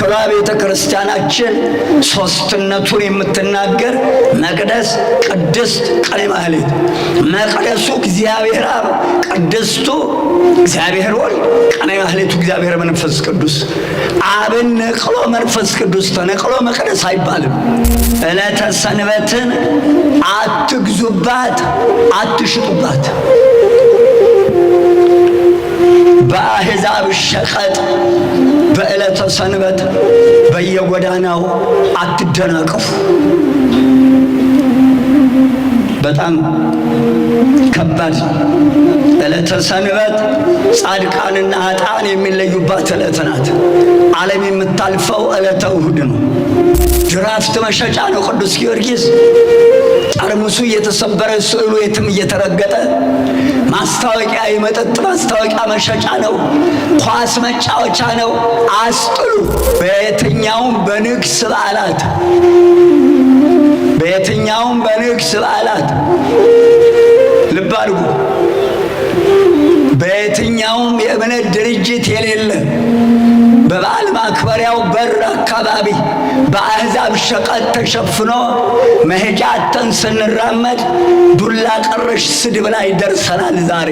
ክፍሏ ቤተ ክርስቲያናችን ሶስትነቱን የምትናገር መቅደስ፣ ቅድስት፣ ቀኔ ማህሌት። መቅደሱ እግዚአብሔር አብ፣ ቅድስቱ እግዚአብሔር ወልድ፣ ቀኔ ማህሌቱ እግዚአብሔር መንፈስ ቅዱስ። አብን ነቅሎ መንፈስ ቅዱስ ተነቅሎ መቅደስ አይባልም። ዕለተ ሰንበትን አትግዙባት፣ አትሽጡባት በአሕዛብ ሸቀጥ ሰንበት በየጎዳናው አትደናቀፉ። በጣም ከባድ ዕለተ ሰንበት ጻድቃንና ኃጥአን የሚለዩባት ዕለት ናት። ዓለም የምታልፈው ዕለተ እሁድ ነው። ድራፍት መሸጫ ነው ቅዱስ ጊዮርጊስ። ጠርሙሱ እየተሰበረ ስዕሉ የትም እየተረገጠ ማስታወቂያ የመጠጥ ማስታወቂያ መሸጫ ነው። ኳስ መጫወቻ ነው። አስጥሉ። በየትኛውም በንግስ በዓላት በየትኛውም በንግስ በዓላት ልብ አድርጉ። በየትኛውም የእምነት ድርጅት የሌለ በበዓል ማክበሪያው በር አካባቢ በአሕዛብ ሸቀጥ ተሸፍኖ መሄጃ አተን ስንራመድ ዱላ ቀረሽ ስድብ ላይ ደርሰናል። ዛሬ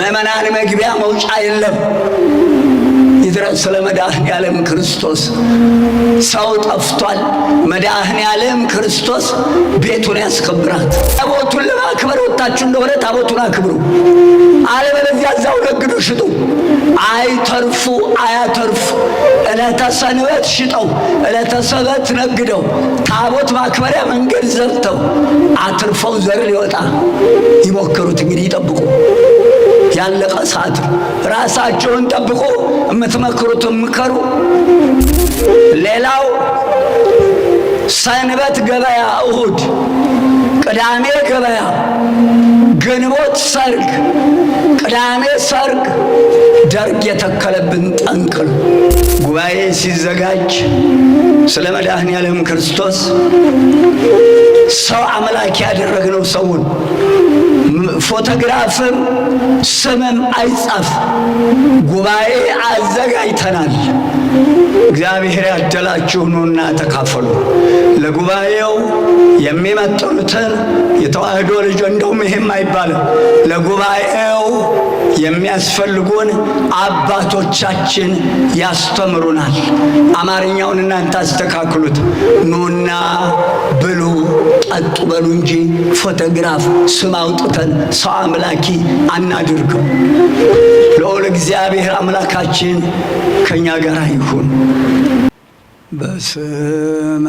ምዕመናን መግቢያ መውጫ የለም። ይድረስ ስለ መድኃኔ ዓለም ክርስቶስ። ሰው ጠፍቷል። መድኃኔ ዓለም ክርስቶስ ቤቱን ያስከብራት ቦቱን ለማክበር ወጣችሁ እንደሆነ ታቦቱን አክብሩ። አለበለዚያ እዛው ነግዱ፣ ሽጡ። አይተርፉ አያተርፉ። ዕለተ ሰንበት ሽጠው፣ ዕለተ ሰንበት ነግደው፣ ታቦት ማክበሪያ መንገድ ዘርተው አትርፈው ዘር ሊወጣ ይሞክሩት። እንግዲህ ይጠብቁ። ያለቀ ሰዓት። ራሳቸውን ጠብቁ። የምትመክሩት ምከሩ። ሌላው ሰንበት ገበያ እሁድ ቅዳሜ ገበያ፣ ግንቦት ሰርግ። ቅዳሜ ሰርግ ደርግ የተከለብን ጠንቅ ነው። ጉባኤ ሲዘጋጅ ስለ መድኃኔ ዓለም ክርስቶስ ሰው አምላክ ያደረግነው ሰውን ፎቶግራፍም ስምም አይጻፍ። ጉባኤ አዘጋጅተናል። እግዚአብሔር ያደላችሁ ኑና ተካፈሉ። ለጉባኤው የሚመጥኑትን የተዋህዶ ልጆ እንደውም ይህም አይባልም ለጉባኤው የሚያስፈልጉን አባቶቻችን ያስተምሩናል። አማርኛውን እናንተ አስተካክሉት። ኑና ብሉ ጠጡ በሉ እንጂ ፎቶግራፍ ስም አውጥተን ሰው አምላኪ አናድርገው። ልዑል እግዚአብሔር አምላካችን ከእኛ ጋር ይሁን። በስመ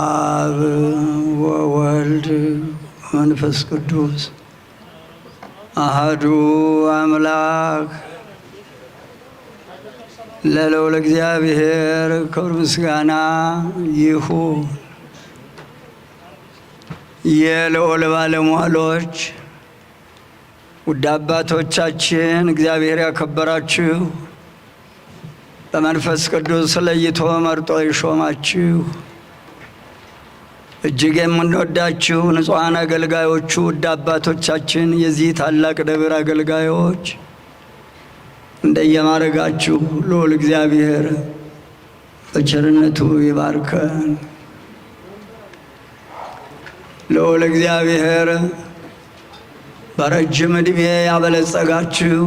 አብ ወወልድ መንፈስ ቅዱስ አህዱ አምላክ ለለው እግዚአብሔር ክብር ምስጋና ይሁን። የልዑል ባለሟሎች ውድ አባቶቻችን እግዚአብሔር ያከበራችሁ በመንፈስ ቅዱስ ለይቶ መርጦ ይሾማችሁ እጅግ የምንወዳችሁ ንጹሐን አገልጋዮቹ ውድ አባቶቻችን የዚህ ታላቅ ደብር አገልጋዮች እንደየማረጋችሁ ልዑል እግዚአብሔር በቸርነቱ ይባርከን። ልዑል እግዚአብሔር በረጅም ዕድሜ ያበለጸጋችሁ፣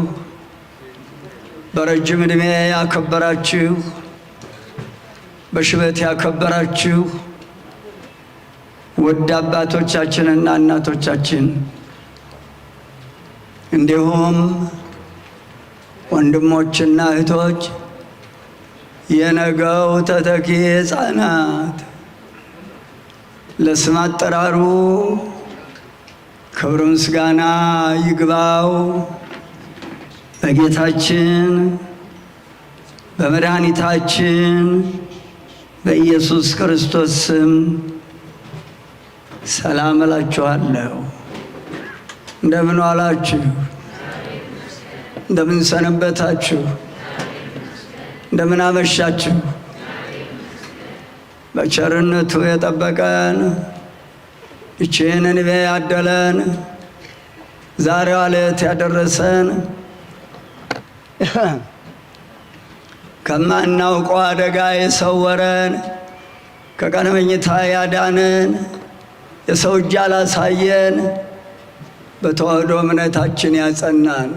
በረጅም ዕድሜ ያከበራችሁ፣ በሽበት ያከበራችሁ ውድ አባቶቻችንና እናቶቻችን እንዲሁም ወንድሞችና እህቶች የነገው ተተኪ ሕፃናት ለስም አጠራሩ ክብር ምስጋና ይግባው በጌታችን በመድኃኒታችን በኢየሱስ ክርስቶስ ስም። ሰላም እላችኋለሁ። እንደምን ዋላችሁ? እንደምን ሰነበታችሁ? እንደምን አመሻችሁ? በቸርነቱ የጠበቀን ይችን ንቤ ያደለን ዛሬዋ ዕለት ያደረሰን ከማናውቀው አደጋ የሰወረን ከቀን መኝታ ያዳንን የሰው እጅ አላሳየን፣ በተዋህዶ እምነታችን ያጸናን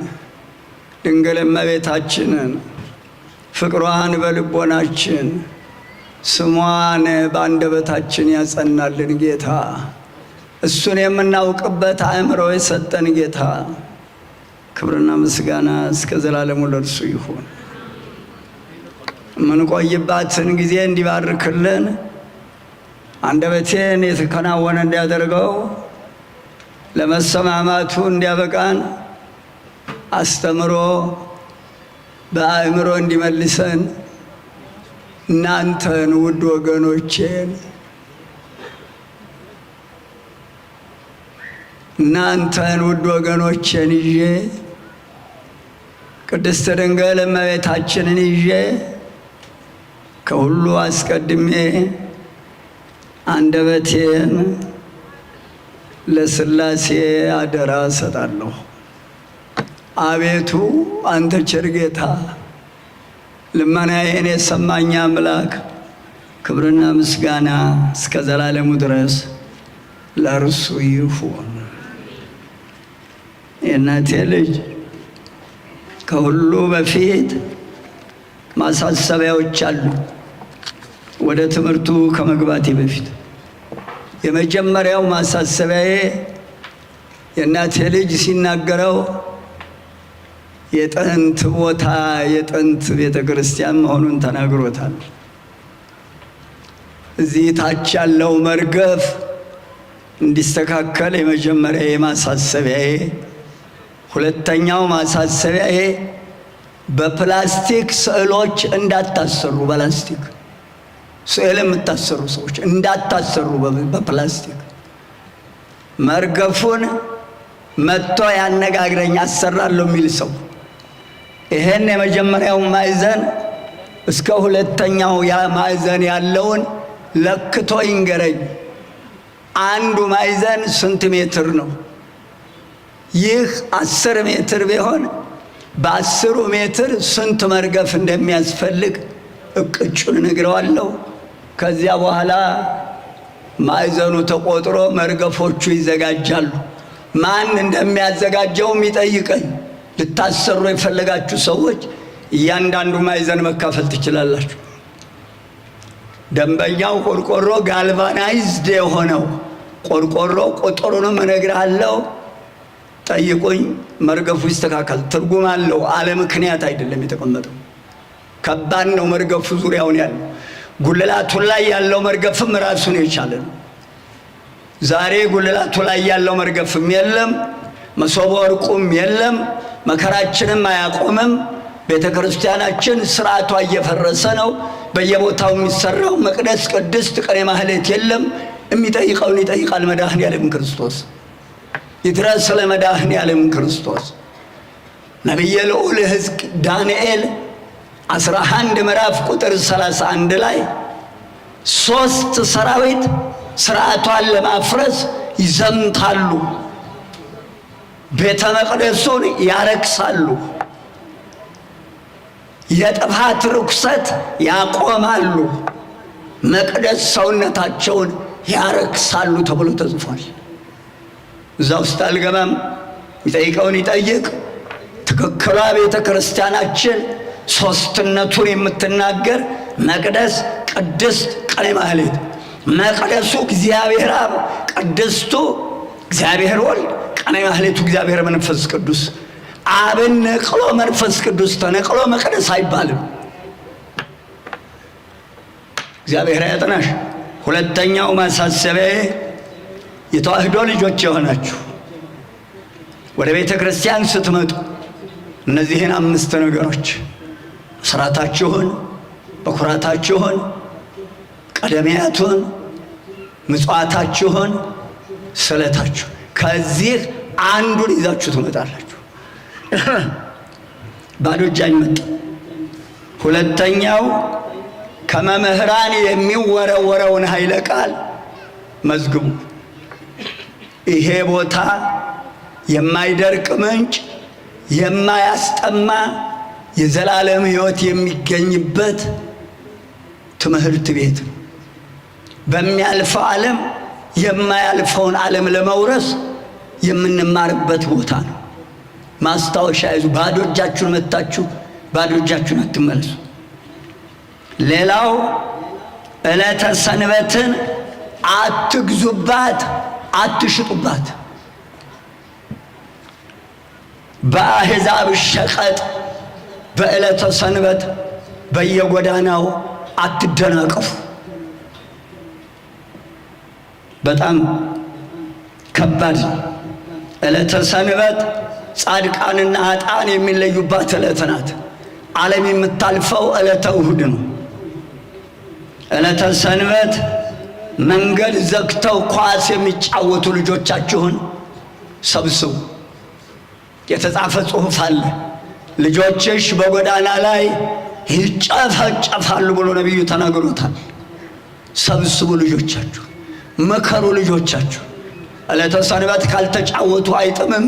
ድንግል እመቤታችንን ፍቅሯን በልቦናችን ስሟን በአንደበታችን ያጸናልን ጌታ እሱን የምናውቅበት አእምሮ የሰጠን ጌታ ክብርና ምስጋና እስከ ዘላለሙ ለእርሱ ይሁን። የምንቆይባትን ጊዜ እንዲባርክልን አንደበቴን የተከናወነ እንዲያደርገው ለመሰማማቱ እንዲያበቃን አስተምሮ በአእምሮ እንዲመልሰን እናንተን ውድ ወገኖቼን እናንተን ውድ ወገኖቼን ይዤ ቅድስት ድንግል እመቤታችንን ይዤ ከሁሉ አስቀድሜ አንደበቴን ለስላሴ አደራ እሰጣለሁ። አቤቱ አንተ ቸር ጌታ፣ ልመናዬን የሰማኝ አምላክ፣ ክብርና ምስጋና እስከ ዘላለሙ ድረስ ለእርሱ ይሁን። የእናቴ ልጅ ከሁሉ በፊት ማሳሰቢያዎች አሉ። ወደ ትምህርቱ ከመግባቴ በፊት የመጀመሪያው ማሳሰቢያዬ የእናቴ ልጅ ሲናገረው የጥንት ቦታ የጥንት ቤተ ክርስቲያን መሆኑን ተናግሮታል። እዚህ ታች ያለው መርገፍ እንዲስተካከል የመጀመሪያ ማሳሰቢያዬ። ሁለተኛው ማሳሰቢያዬ በፕላስቲክ ስዕሎች እንዳታሰሩ። በላስቲክ ስዕል የምታሰሩ ሰዎች እንዳታሰሩ በፕላስቲክ መርገፉን መጥቶ ያነጋግረኝ አሰራለሁ የሚል ሰው ይህን የመጀመሪያውን ማዕዘን እስከ ሁለተኛው ማዕዘን ያለውን ለክቶ ይንገረኝ። አንዱ ማዕዘን ስንት ሜትር ነው? ይህ አስር ሜትር ቢሆን በአስሩ ሜትር ስንት መርገፍ እንደሚያስፈልግ እቅጩን እነግረዋለሁ። ከዚያ በኋላ ማዕዘኑ ተቆጥሮ መርገፎቹ ይዘጋጃሉ። ማን እንደሚያዘጋጀውም ይጠይቀኝ። ልታሰሩ የፈለጋችሁ ሰዎች እያንዳንዱ ማዕዘን መካፈል ትችላላችሁ። ደንበኛው ቆርቆሮ ጋልቫናይዝድ የሆነው ቆርቆሮ ቁጥሩንም እነግርሃለሁ። ጠይቁኝ። መርገፉ ይስተካከል። ትርጉም አለው። አለ ምክንያት አይደለም የተቀመጠው። ከባድ ነው መርገፉ ዙሪያውን ያለው ጉልላቱ ላይ ያለው መርገፍም ራሱን የቻለ ነው። ዛሬ ጉልላቱ ላይ ያለው መርገፍም የለም፣ መሶበ ወርቁም የለም፣ መከራችንም አያቆምም። ቤተ ክርስቲያናችን ስርዓቷ እየፈረሰ ነው። በየቦታው የሚሰራው መቅደስ፣ ቅድስት፣ ቀኔ ማህሌት የለም። የሚጠይቀውን ይጠይቃል። መድኃኔ ዓለም ክርስቶስ ይድረስ ለመድኃኔ ዓለም ክርስቶስ ነቢየ ልዑል ሕዝቅ ዳንኤል አስራ አንድ ምዕራፍ ቁጥር ሰላሳ አንድ ላይ ሶስት ሰራዊት ስርዓቷን ለማፍረስ ይዘምታሉ፣ ቤተ መቅደሱን ያረክሳሉ፣ የጥፋት ርኩሰት ያቆማሉ፣ መቅደስ ሰውነታቸውን ያረክሳሉ ተብሎ ተጽፏል። እዛ ውስጥ አልገባም። ይጠይቀውን ይጠይቅ። ትክክሏ ቤተ ክርስቲያናችን ሶስትነቱን የምትናገር መቅደስ፣ ቅድስት፣ ቀኔ ማህሌት። መቅደሱ እግዚአብሔር አብ፣ ቅድስቱ እግዚአብሔር ወልድ፣ ቀኔ ማህሌቱ እግዚአብሔር መንፈስ ቅዱስ። አብን ነቅሎ መንፈስ ቅዱስ ተነቅሎ መቅደስ አይባልም። እግዚአብሔር ያጥናሽ። ሁለተኛው ማሳሰቢያ የተዋህዶ ልጆች የሆናችሁ ወደ ቤተ ክርስቲያን ስትመጡ እነዚህን አምስት ነገሮች ስራታችሁን፣ በኩራታችሁን፣ ቀደሚያቱን፣ ምጽዋታችሁን፣ ስለታችሁ ከዚህ አንዱን ይዛችሁ ትመጣላችሁ። ባዶ እጃኝ ሁለተኛው ከመምህራን የሚወረወረውን ኃይለ ቃል መዝግቡ። ይሄ ቦታ የማይደርቅ ምንጭ የማያስጠማ የዘላለም ሕይወት የሚገኝበት ትምህርት ቤት በሚያልፈው ዓለም የማያልፈውን ዓለም ለመውረስ የምንማርበት ቦታ ነው። ማስታወሻ ይዙ። ባዶ እጃችሁን መታችሁ፣ ባዶ እጃችሁን አትመለሱ። ሌላው ዕለተ ሰንበትን አትግዙባት፣ አትሽጡባት በአሕዛብ ሸቀጥ በዕለተ ሰንበት በየጎዳናው አትደናቀፉ። በጣም ከባድ ዕለተ ሰንበት ጻድቃንና አጣን የሚለዩባት ዕለት ናት። ዓለም የምታልፈው ዕለተ እሁድ ነው። ዕለተ ሰንበት መንገድ ዘግተው ኳስ የሚጫወቱ ልጆቻችሁን ሰብስቡ። የተጻፈ ጽሑፍ አለ። ልጆችሽ በጎዳና ላይ ይጨፈጨፋሉ ብሎ ነቢዩ ተናግሮታል። ሰብስቡ ልጆቻችሁ፣ መከሩ ልጆቻችሁ። ዕለተ ሰንበት ካልተጫወቱ አይጥምም።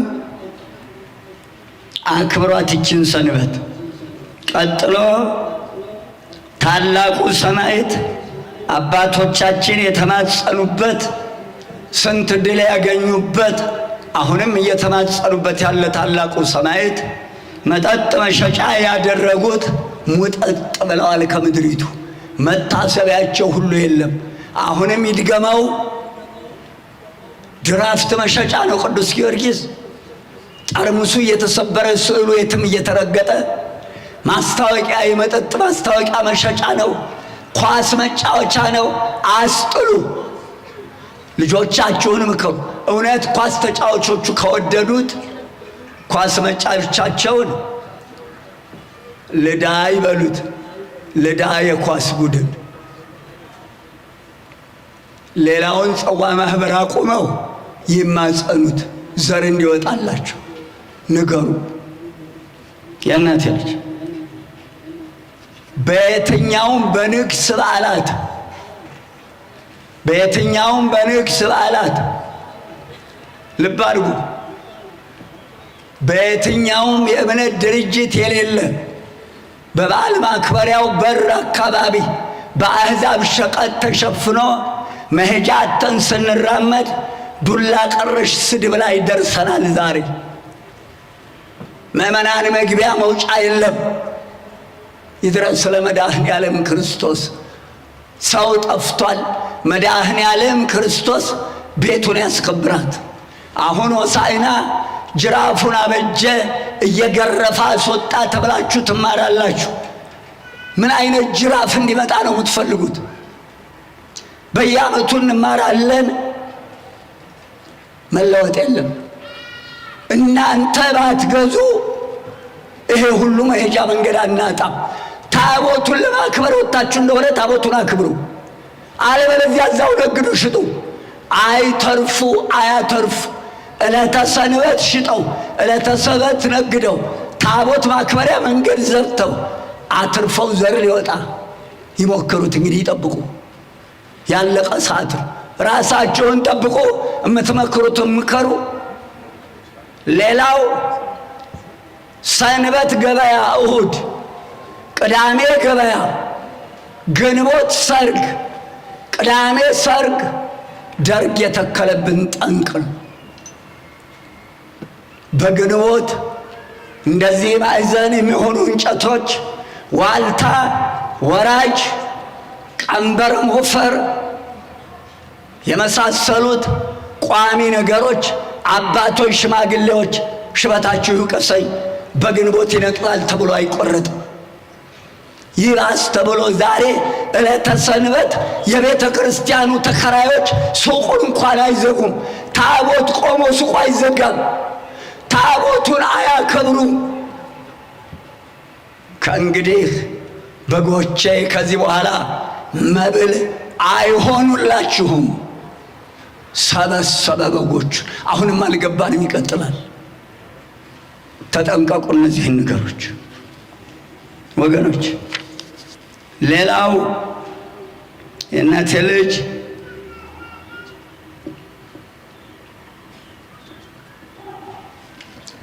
አክብሯት ይችን ሰንበት። ቀጥሎ ታላቁ ሰማዕት አባቶቻችን የተማጸኑበት ስንት ድል ያገኙበት አሁንም እየተማጸኑበት ያለ ታላቁ ሰማዕት መጠጥ መሸጫ ያደረጉት ሙጠጥ ብለዋል ከምድሪቱ። መታሰቢያቸው ሁሉ የለም። አሁንም ይድገመው። ድራፍት መሸጫ ነው ቅዱስ ጊዮርጊስ። ጠርሙሱ እየተሰበረ ስዕሉ የትም እየተረገጠ ማስታወቂያ፣ የመጠጥ ማስታወቂያ መሸጫ ነው። ኳስ መጫወቻ ነው። አስጥሉ። ልጆቻችሁን ምከሩ። እውነት ኳስ ተጫዋቾቹ ከወደዱት ኳስ መጫወቻቸውን ልዳ ይበሉት፣ ልዳ የኳስ ቡድን ሌላውን ጸዋ ማህበር አቁመው ይማጸኑት፣ ዘር እንዲወጣላቸው ንገሩ። የእናቴ ልጅ በየትኛውም በንግስ በዓላት በየትኛውም በንግስ በዓላት ልብ አድርጉ። በየትኛውም የእምነት ድርጅት የሌለ በበዓል ማክበሪያው በር አካባቢ በአሕዛብ ሸቀጥ ተሸፍኖ መሄጃ አተን ስንራመድ ዱላ ቀረሽ ስድብ ላይ ደርሰናል። ዛሬ ምእመናን መግቢያ መውጫ የለም። ይድረስ ለመድኃኔ ዓለም ክርስቶስ። ሰው ጠፍቷል። መድኃኔ ዓለም ክርስቶስ ቤቱን ያስከብራት። አሁን ሆሳዕና ጅራፉን አበጀ እየገረፋ አስወጣ ተብላችሁ ትማራላችሁ። ምን አይነት ጅራፍ እንዲመጣ ነው የምትፈልጉት? በየአመቱ እንማራለን። መለወጥ የለም። እናንተ ባትገዙ ይሄ ሁሉ መሄጃ መንገድ አናጣም። ታቦቱን ለማክበር ወጥታችሁ እንደሆነ ታቦቱን አክብሩ፣ አለበለዚያ እዛው ነግዱ፣ ሽጡ። አይተርፉ አያተርፉ ዕለተ ሰንበት ሽጠው፣ ዕለተ ሰንበት ነግደው፣ ታቦት ማክበሪያ መንገድ ዘርተው አትርፈው ዘር ሊወጣ ይሞክሩት። እንግዲህ ይጠብቁ፣ ያለቀ ሰዓት። ራሳቸውን ጠብቁ፣ የምትመክሩት ምከሩ። ሌላው ሰንበት ገበያ፣ እሁድ፣ ቅዳሜ ገበያ፣ ግንቦት ሰርግ፣ ቅዳሜ ሰርግ ደርግ የተከለብን ጠንቅ ነው። በግንቦት እንደዚህ ማዕዘን የሚሆኑ እንጨቶች ዋልታ፣ ወራጅ፣ ቀንበር፣ ሞፈር የመሳሰሉት ቋሚ ነገሮች አባቶች፣ ሽማግሌዎች ሽበታችሁ ይውቀሰኝ በግንቦት ይነቅላል ተብሎ አይቆረጥም። ይባስ ተብሎ ዛሬ ዕለተ ሰንበት የቤተ ክርስቲያኑ ተከራዮች ሱቁን እንኳን አይዘጉም። ታቦት ቆሞ ሱቁ አይዘጋም። ታቦቱን አያከብሩም። ከእንግዲህ በጎቼ ከዚህ በኋላ መብል አይሆኑላችሁም። ሰበሰበ በጎች አሁንም አልገባንም፣ ይቀጥላል። ተጠንቀቁ እነዚህን ነገሮች ወገኖች። ሌላው የእናቴ ልጅ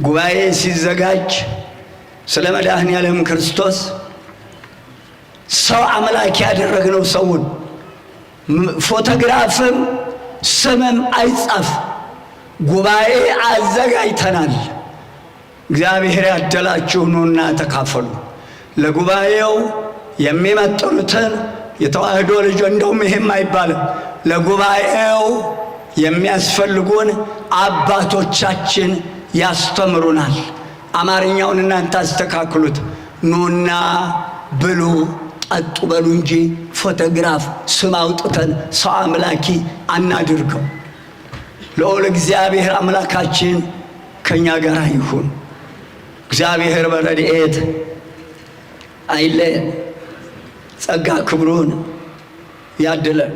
ጉባኤ ሲዘጋጅ ስለ መድኃኔ ዓለም ክርስቶስ ሰው አምላክ ያደረግነው ሰውን ፎቶግራፍም ስምም አይጻፍ። ጉባኤ አዘጋጅተናል። እግዚአብሔር ያደላችሁ ኑና ተካፈሉ። ለጉባኤው የሚመጥኑትን የተዋህዶ ልጆ እንደውም ይሄም አይባልም። ለጉባኤው የሚያስፈልጉን አባቶቻችን ያስተምሩናል። አማርኛውን እናንተ አስተካክሉት። ኑና ብሉ ጠጡ በሉ እንጂ ፎቶግራፍ ስም አውጥተን ሰው አምላኪ አናድርገው። ልዑል እግዚአብሔር አምላካችን ከእኛ ጋር ይሁን። እግዚአብሔር በረድኤት አይለየን። ጸጋ ክብሩን ያድለን።